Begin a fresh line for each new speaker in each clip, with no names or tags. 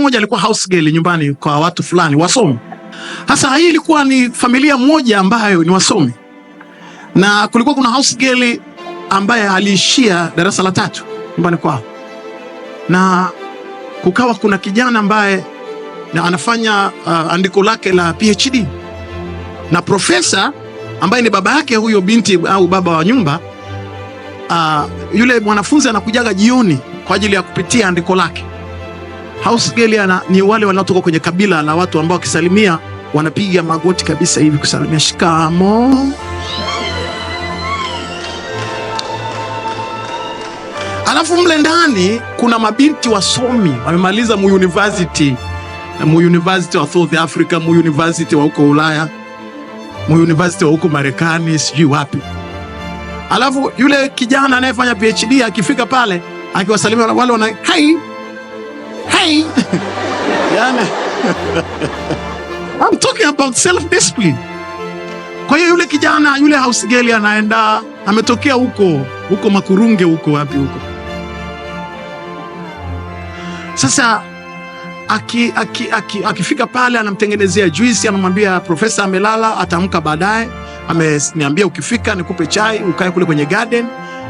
mmoja alikuwa house girl nyumbani kwa watu fulani wasomi. Sasa hii ilikuwa ni familia moja ambayo ni wasomi, na kulikuwa kuna house girl ambaye aliishia darasa la tatu nyumbani kwao, na kukawa kuna kijana ambaye na anafanya uh, andiko lake la PhD na profesa ambaye ni baba yake huyo binti au baba wa nyumba uh, yule mwanafunzi anakujaga jioni kwa ajili ya kupitia andiko lake. House girl ni wale wanaotoka kwenye kabila la watu ambao wakisalimia wanapiga magoti kabisa hivi kusalimia, shikamo. Alafu mle ndani kuna mabinti wasomi wamemaliza mu university mu university wa South Africa, mu university wa huko Ulaya, mu university wa huko Marekani, sijui wapi. Alafu yule kijana anayefanya PhD akifika pale akiwasalimia wale wana hai Hey! yani, I'm talking about self discipline. Kwa hiyo yule kijana yule girl anaenda ametokea huko huko Makurunge huko wapi huko. Sasa aki, aki, aki, akifika pale anamtengenezea juisi, anamwambia profesa amelala, atamka baadaye. Ameniambia ukifika nikupe chai ukae kule kwenye garden.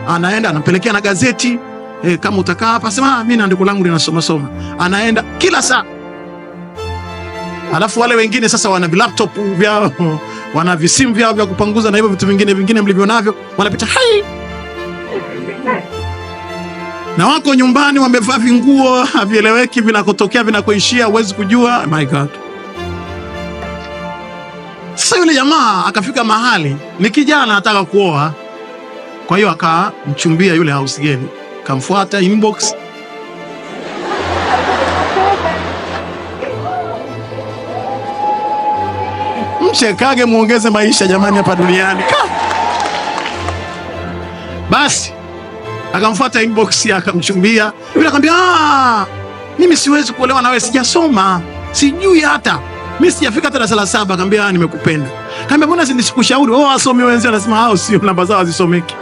Anaenda anampelekea na gazeti eh, kama utakaa hapa sema mimi ah, na andiko langu linasoma soma, anaenda kila saa. Alafu wale wengine sasa wana laptop vyao wana visimu vyao vya kupanguza na hivyo vitu vingine vingine mlivyo navyo, wanapita hai na wako nyumbani wamevaa vinguo havieleweki, vinakotokea vinakoishia huwezi kujua. My God! Sasa yule jamaa akafika mahali, ni kijana anataka kuoa, kwa hiyo akamchumbia yule hausigeni kamfuata inbox. Mchekage, muongeze maisha jamani, hapa duniani. Basi akamfuata inbox, akamchumbia yule, akamwambia ah, mimi siwezi kuolewa nawe, sijasoma, sijui hata mimi sijafika hata darasa la saba. Akamwambia ah, nimekupenda. Akamwambia mbona sinikushauri? Oh, wasomi wenzio anasema hao ah, sio namba zao hazisomeki.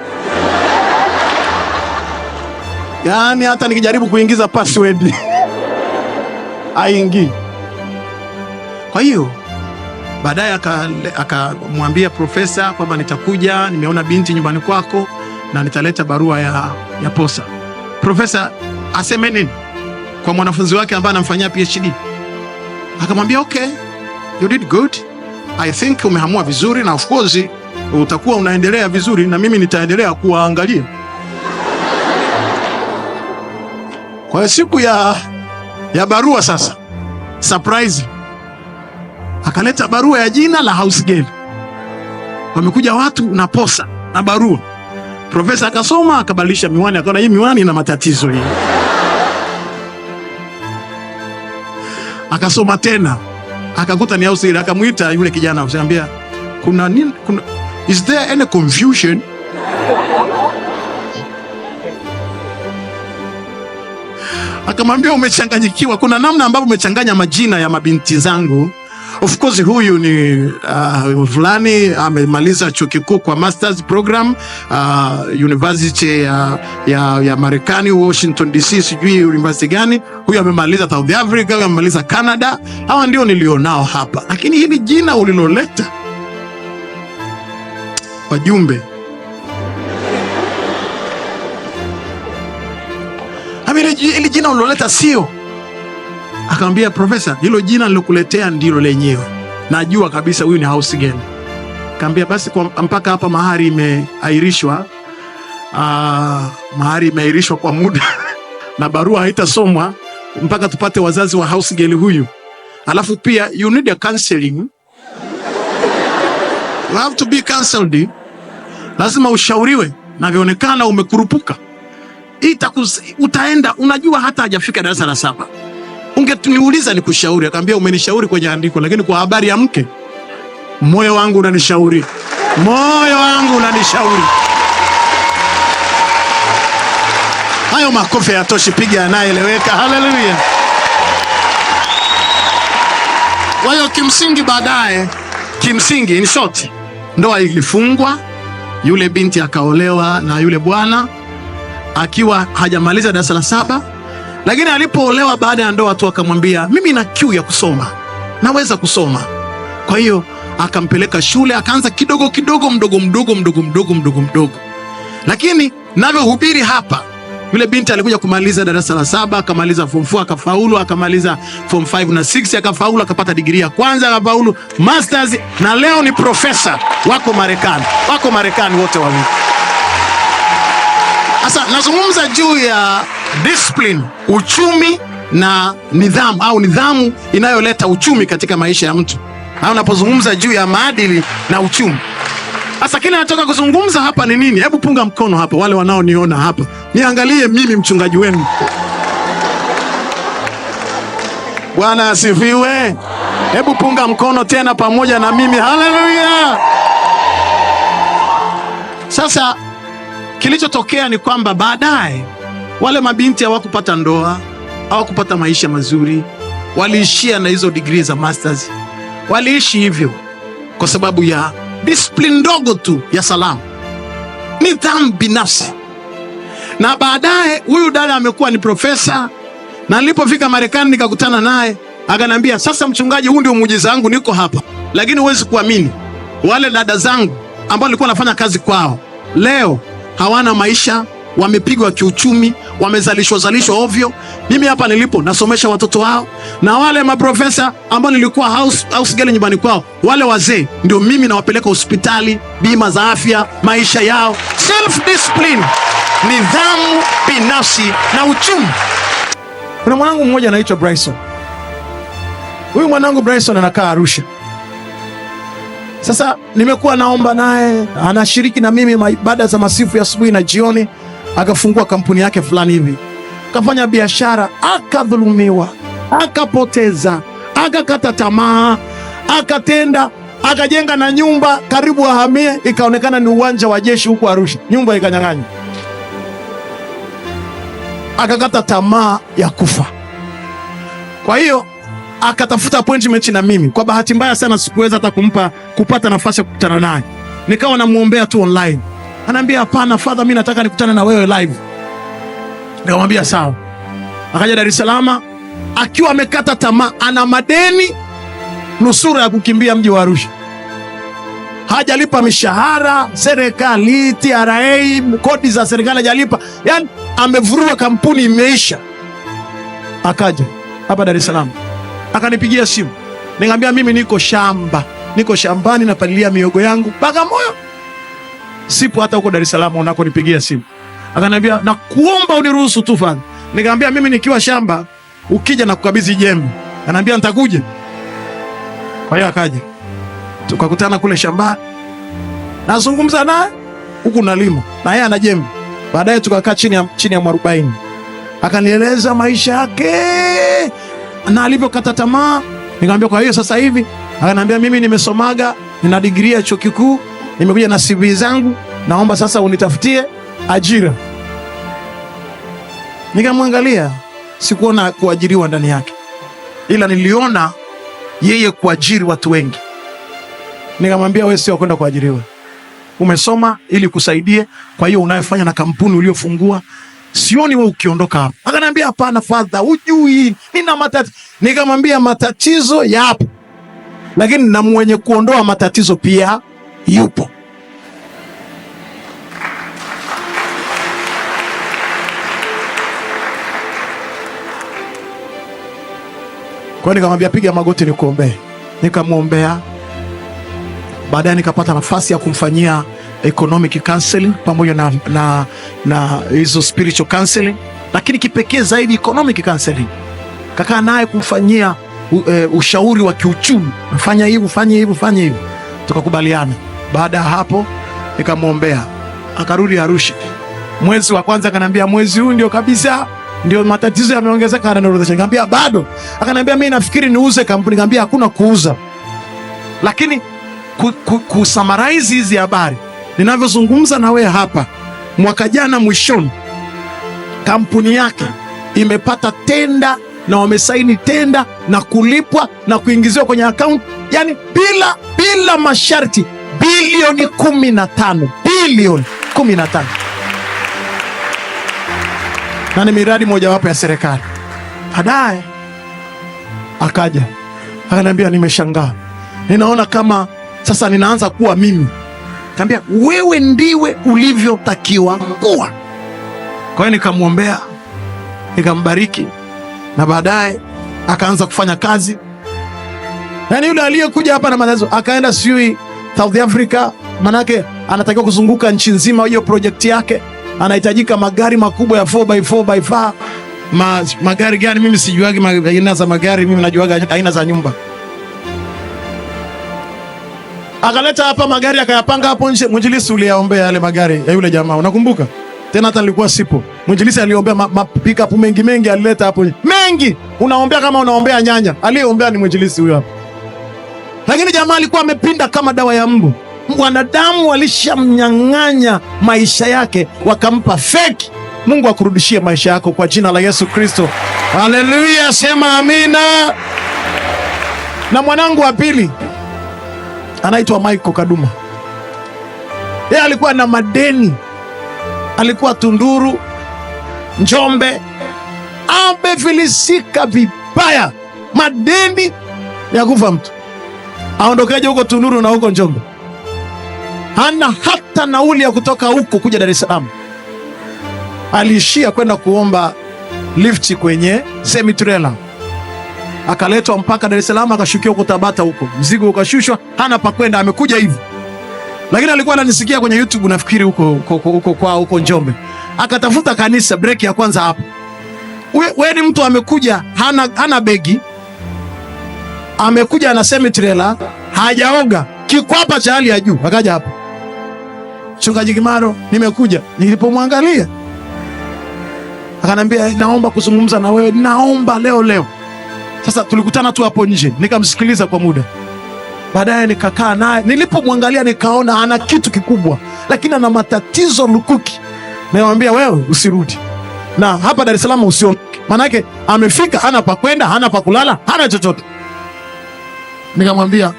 Yaani hata nikijaribu kuingiza password haingii. Kwa hiyo baadaye akamwambia profesa kwamba nitakuja, nimeona binti nyumbani kwako na nitaleta barua ya, ya posa. Profesa aseme nini kwa mwanafunzi wake ambaye anamfanyia PhD? Akamwambia okay, you did good, I think umehamua vizuri, na of course utakuwa unaendelea vizuri, na mimi nitaendelea kuwaangalia Kwa siku ya, ya barua sasa, surprise akaleta barua ya jina la house girl. Wamekuja watu na posa na barua. Profesa akasoma akabadilisha miwani, akaona hii miwani ina matatizo hii, akasoma tena akakuta ni house girl. Akamwita yule kijana, akamwambia kuna nini, kuna, is there any confusion akamwambia umechanganyikiwa, kuna namna ambavyo umechanganya majina ya mabinti zangu. Of course huyu ni uh, fulani amemaliza chuo kikuu kwa masters program uh, university ya, ya, ya Marekani Washington DC, sijui university gani. Huyu amemaliza South Africa, huyu amemaliza Canada. Hawa ndio nilionao hapa, lakini hili jina uliloleta wajumbe hili jina uliloleta sio. Akamwambia, profesa, hilo jina nilokuletea ndilo lenyewe, najua kabisa huyu ni house girl. Kaambia basi kwa mpaka hapa mahari imeahirishwa. Uh, ah, mahari imeahirishwa kwa muda na barua haitasomwa mpaka tupate wazazi wa house girl huyu, alafu pia you need a counseling you have to be counseled, lazima ushauriwe, navyoonekana umekurupuka. Itakus, utaenda unajua hata hajafika darasa la saba. Ungetuniuliza nikushauri, akaambia umenishauri kwenye andiko, lakini kwa habari ya mke moyo wangu unanishauri, moyo wangu unanishauri. Hayo makofi yatoshi, piga anayeeleweka. Haleluya! Kwa hiyo kimsingi, baadaye, kimsingi, in short, ndoa ilifungwa, yule binti akaolewa na yule bwana akiwa hajamaliza darasa la saba, lakini alipoolewa baada ya ndoa tu akamwambia, mimi na kiu ya kusoma, naweza kusoma. Kwa hiyo akampeleka shule, akaanza kidogo kidogo, mdogo mdogo mdogo mdogo mdogo mdogo, lakini navyohubiri hapa yule binti alikuja kumaliza darasa la saba, akamaliza form 4 akafaulu, akamaliza form 5 na 6 akafaulu, akapata digrii ya kwanza, akafaulu masters, na leo ni profesa wako Marekani, wako Marekani wote wawili. Sasa nazungumza juu ya discipline, uchumi na nidhamu au nidhamu inayoleta uchumi katika maisha ya mtu, au unapozungumza juu ya maadili na uchumi. Sasa kile nataka kuzungumza hapa ni nini? Hebu punga mkono hapa, wale wanaoniona hapa, niangalie mimi mchungaji wenu. Bwana asifiwe! Hebu punga mkono tena pamoja na mimi. Haleluya! Sasa Kilichotokea ni kwamba baadaye wale mabinti hawakupata ndoa, hawakupata maisha mazuri, waliishia na hizo digrii za masters. Waliishi hivyo kwa sababu ya disiplini ndogo tu ya salamu, nidhamu binafsi. Na baadaye huyu dada amekuwa ni profesa, na nilipofika Marekani nikakutana naye akaniambia, sasa mchungaji, huu ndio muujiza wangu, niko hapa. Lakini huwezi kuamini wale dada zangu ambao nilikuwa nafanya kazi kwao leo hawana maisha, wamepigwa kiuchumi, wamezalishwa zalishwa ovyo. Mimi hapa nilipo nasomesha watoto wao na wale maprofesa ambao nilikuwa house, house girl nyumbani kwao, wale wazee ndio mimi nawapeleka hospitali, bima za afya, maisha yao, self discipline, nidhamu binafsi na uchumi. Kuna mwanangu mmoja anaitwa Bryson. Huyu mwanangu Bryson anakaa Arusha. Sasa nimekuwa naomba naye, anashiriki na mimi ibada za masifu ya asubuhi na jioni, akafungua kampuni yake fulani hivi, akafanya biashara, akadhulumiwa, akapoteza, akakata tamaa, akatenda akajenga na nyumba karibu ahamie, ikaonekana ni uwanja wa jeshi huko Arusha, nyumba ikanyang'anywa, akakata tamaa ya kufa. Kwa hiyo akatafuta appointment na mimi. Kwa bahati mbaya sana sikuweza hata kumpa kupata nafasi ya kukutana naye, nikawa namuombea tu online. Anaambia hapana, father, mimi nataka nikutane na wewe live. Nikamwambia sawa. Akaja Dar es Salaam akiwa amekata tamaa, ana madeni nusura ya kukimbia mji wa Arusha, hajalipa mishahara serikali, TRA, kodi za serikali hajalipa, yani amevurua, kampuni imeisha. Akaja hapa Dar es Salaam akanipigia simu, nikamwambia mimi niko shamba, niko shambani napalilia miogo yangu Bagamoyo, sipo hata huko Dar es Salaam unakonipigia simu. Akaniambia nakuomba uniruhusu tu fadhi. Nikamwambia mimi nikiwa shamba ukija na kukabidhi jembe. Ananiambia nitakuja. Kwa hiyo akaja, tukakutana kule shambani, nazungumza naye huku nalima na yeye ana jembe. Baadaye tukakaa chini ya, chini ya mwarobaini, akanieleza maisha yake na alivyokata tamaa, nikamwambia kwa hiyo sasa hivi, akaniambia mimi nimesomaga, nina digrii ya chuo kikuu, nimekuja na CV zangu, naomba sasa unitafutie ajira. Nikamwangalia, sikuona kuajiriwa ndani yake, ila niliona yeye kuajiri watu wengi. Nikamwambia wewe sio kwenda kuajiriwa, umesoma ili kusaidie. Kwa hiyo unayofanya na kampuni uliyofungua sioni we ukiondoka hapa. Akaniambia hapana, fadha, hujui nina matatizo. Nikamwambia matatizo yapo, lakini na mwenye kuondoa matatizo pia yupo. Kwa nikamwambia piga magoti nikuombee, nikamwombea. Baadaye nikapata nafasi ya kumfanyia economic counseling pamoja na, na, na hizo spiritual counseling, lakini kipekee zaidi economic counseling, kakaa naye kumfanyia uh, ushauri wa kiuchumi, fanya hivi, fanya hivi, fanya hivi, tukakubaliana. Baada ya hapo nikamwombea akarudi Arusha. Mwezi wa kwanza akaniambia, mwezi huu ndio kabisa ndio matatizo yameongezeka. Anaorodhesha, nikamwambia bado. Akaniambia mimi nafikiri niuze kampuni. Nikamwambia hakuna kuuza, lakini kusummarize hizi habari ninavyozungumza na wewe hapa, mwaka jana mwishoni, kampuni yake imepata tenda na wamesaini tenda na kulipwa na kuingiziwa kwenye akaunti, yani bila bila masharti, bilioni 15, bilioni 15, na ni miradi mojawapo ya serikali. Baadaye akaja akaniambia, nimeshangaa, ninaona kama sasa ninaanza kuwa mimi Kaambia wewe ndiwe ulivyotakiwa kuwa. Kwa hiyo nikamwombea, nikambariki na baadaye akaanza kufanya kazi. yani yule aliyekuja hapa na matatizo akaenda sijui South Africa, manake anatakiwa kuzunguka nchi nzima, hiyo projekti yake anahitajika magari makubwa ya 4x4x4 ma, magari gani? Mimi sijuagi aina za magari, mimi najuaga aina za nyumba akaleta hapa magari akayapanga hapo nje. Mwinjilisi uliyaombea yale magari ya yule jamaa, unakumbuka? Tena hata nilikuwa sipo. Mwinjilisi aliombea mapikapu ma mengi mengi, alileta hapo mengi. Unaombea kama unaombea nyanya, aliyeombea ni mwinjilisi huyo hapo. Lakini jamaa alikuwa amepinda kama dawa ya mbu. Wanadamu walishamnyang'anya maisha yake, wakampa feki. Mungu akurudishie maisha yako kwa jina la Yesu Kristo. Haleluya, sema amina. Na mwanangu wa pili anaitwa Michael Kaduma. Yeye alikuwa na madeni, alikuwa Tunduru, Njombe, amefilisika vibaya, madeni ya kufa mtu. Aondokeje huko Tunduru na huko Njombe? Hana hata nauli ya kutoka huko kuja Dar es Salaam. Aliishia kwenda kuomba lifti kwenye semitrela akaletwa mpaka Dar es Salaam, akashukiwa huko Tabata, huko mzigo ukashushwa, hana pa kwenda, amekuja hivi. Lakini alikuwa ananisikia kwenye YouTube nafikiri huko huko kwa huko Njombe, akatafuta kanisa. Break ya kwanza hapo, wewe ni mtu amekuja hana, hana begi, amekuja na semi trailer, hajaoga, kikwapa cha hali ya juu, akaja hapo Mchungaji Kimaro, nimekuja. Nilipomwangalia akanambia, naomba kuzungumza na wewe, naomba leo leo. Sasa tulikutana tu hapo nje, nikamsikiliza kwa muda, baadaye nikakaa naye. Nilipomwangalia nikaona ana kitu kikubwa, lakini ana matatizo lukuki. Nikamwambia wewe, usirudi na hapa Dar es Salaam usiondoke, maanake amefika, hana pa kwenda, hana pa kulala, hana chochote. Nikamwambia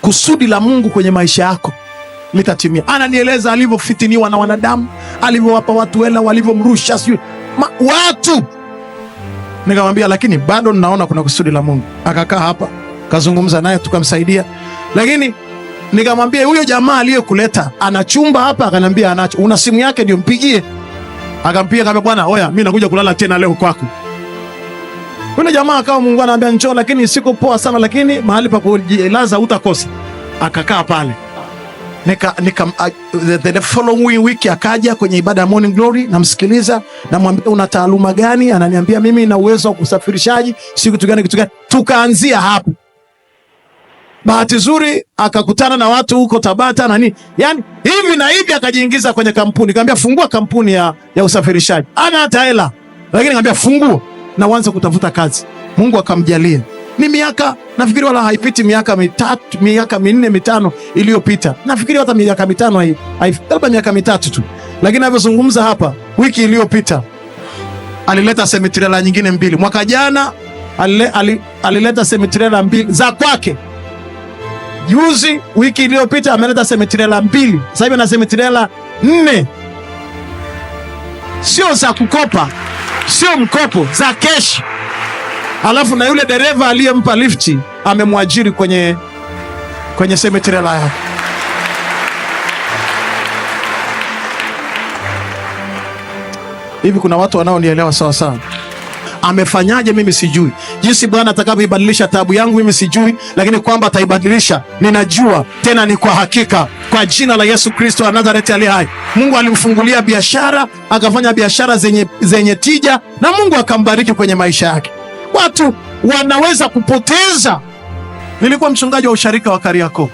kusudi la Mungu kwenye maisha yako litatimia. Ananieleza alivyofitiniwa na wanadamu, alivyowapa watu hela, walivyomrusha sijui watu Nikamwambia, lakini bado ninaona kuna kusudi la Mungu. Akakaa hapa, kazungumza naye, tukamsaidia, lakini nikamwambia huyo jamaa aliyekuleta ana chumba hapa? Akaniambia anacho. Una simu yake? Ndio, mpigie. Akampiga kama bwana, oya, mimi nakuja kulala tena leo kwako. Yule jamaa akawa Mungu anaambia njoo, lakini siko poa sana, lakini mahali pa kujilaza utakosa. Akakaa pale nika, nika, uh, the, the following week akaja kwenye ibada ya Morning Glory, namsikiliza, namwambia una taaluma gani? Ananiambia mimi na uwezo wa kusafirishaji, si kitu gani kitu gani. Tukaanzia hapo. Bahati nzuri akakutana na watu huko Tabata nani, yani hivi na hivi, akajiingiza kwenye kampuni. kaambia fungua kampuni ya, ya usafirishaji. Ana hata hela, lakini kaambia fungua na uanze kutafuta kazi. Mungu akamjalia ni miaka nafikiri wala haipiti miaka mitatu, miaka minne mitano iliyopita, nafikiri hata miaka mitano, labda miaka mitatu tu, lakini anavyozungumza hapa, wiki iliyopita alileta semitrela nyingine mbili, mwaka jana alile, alile, alileta semitrela mbili za kwake, juzi wiki iliyopita ameleta semitrela mbili, sasa hivi ana semitrela nne, sio za kukopa, sio mkopo, za keshi alafu na yule dereva aliyempa lifti amemwajiri kwenye, kwenye cemetery la hivi. Kuna watu wanaonielewa sawa sawa. Amefanyaje mimi sijui, jinsi Bwana atakavyoibadilisha taabu yangu mimi sijui, lakini kwamba ataibadilisha ninajua, tena ni kwa hakika, kwa jina la Yesu Kristo wa Nazareti aliye hai. Mungu alimfungulia biashara, akafanya biashara zenye, zenye tija na Mungu akambariki kwenye maisha yake watu wanaweza kupoteza. Nilikuwa mchungaji wa usharika wa Kariakoo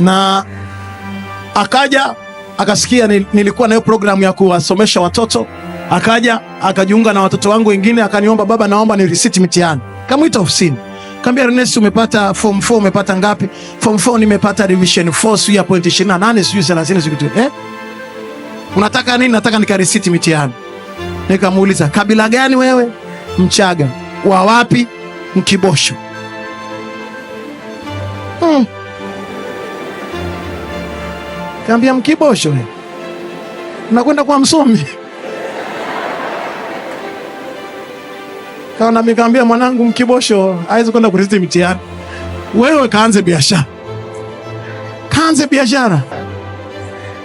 na akaja akasikia nilikuwa na hiyo programu ya kuwasomesha watoto, akaja akajiunga na watoto wangu wengine, akaniomba baba, naomba ni risiti mtihani. Kamwita ofisini, kaambia Ernest, umepata form 4 umepata ngapi? Form 4 nimepata revision 4 sijui ya point 28 sijui 30 sijui kitu. Eh, unataka nini? Nataka nikarisiti mitihani. Nikamuuliza kabila gani wewe? Mchaga wa wapi? Mkibosho. Hmm. Kaambia Mkibosho, nakwenda kwa msomi. Kaona mikaambia mwanangu, Mkibosho awezi kwenda kuriziti mtihani, wewe kaanze biashara, kaanze biashara.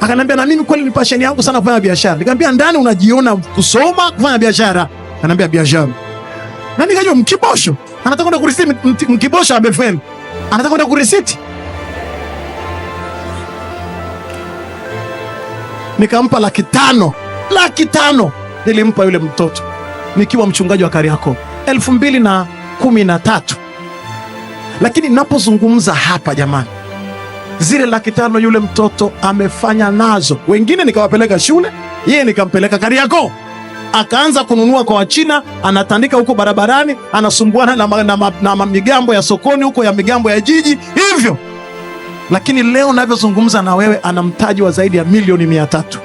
Akaniambia na mimi kweli ni pasheni yangu sana kufanya biashara. Nikamwambia ndani unajiona kusoma kufanya biashara anaambia biashara. Na nikajua mkibosho anataka kwenda kurisiti, mkibosho amefeli. Anataka kwenda kurisiti. Nikampa laki tano. Laki tano nilimpa yule mtoto nikiwa mchungaji wa Kariakoo elfu mbili na kumi na tatu. Lakini napozungumza hapa jamani, zile laki tano yule mtoto amefanya nazo, wengine nikawapeleka shule, yeye nikampeleka Kariakoo akaanza kununua kwa Wachina, anatandika huko barabarani, anasumbuana na, na, na, na migambo ya sokoni huko ya migambo ya jiji hivyo. Lakini leo navyozungumza na wewe, ana mtaji wa zaidi ya milioni mia tatu.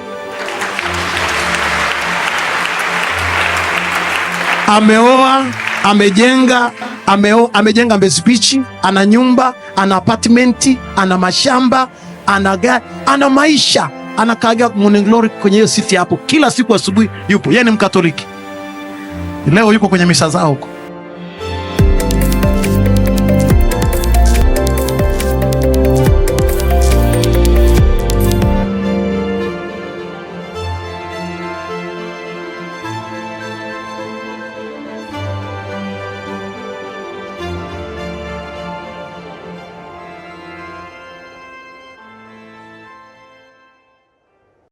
Ameoa, amejenga ameo, amejenga Mbezi Beach, ana nyumba, ana apatmenti ana mashamba, ana gari, ana maisha anakaaga morning glory kwenye hiyo siti hapo, kila siku asubuhi yupo. Yeye ni Mkatoliki, leo yuko kwenye misa zao huko.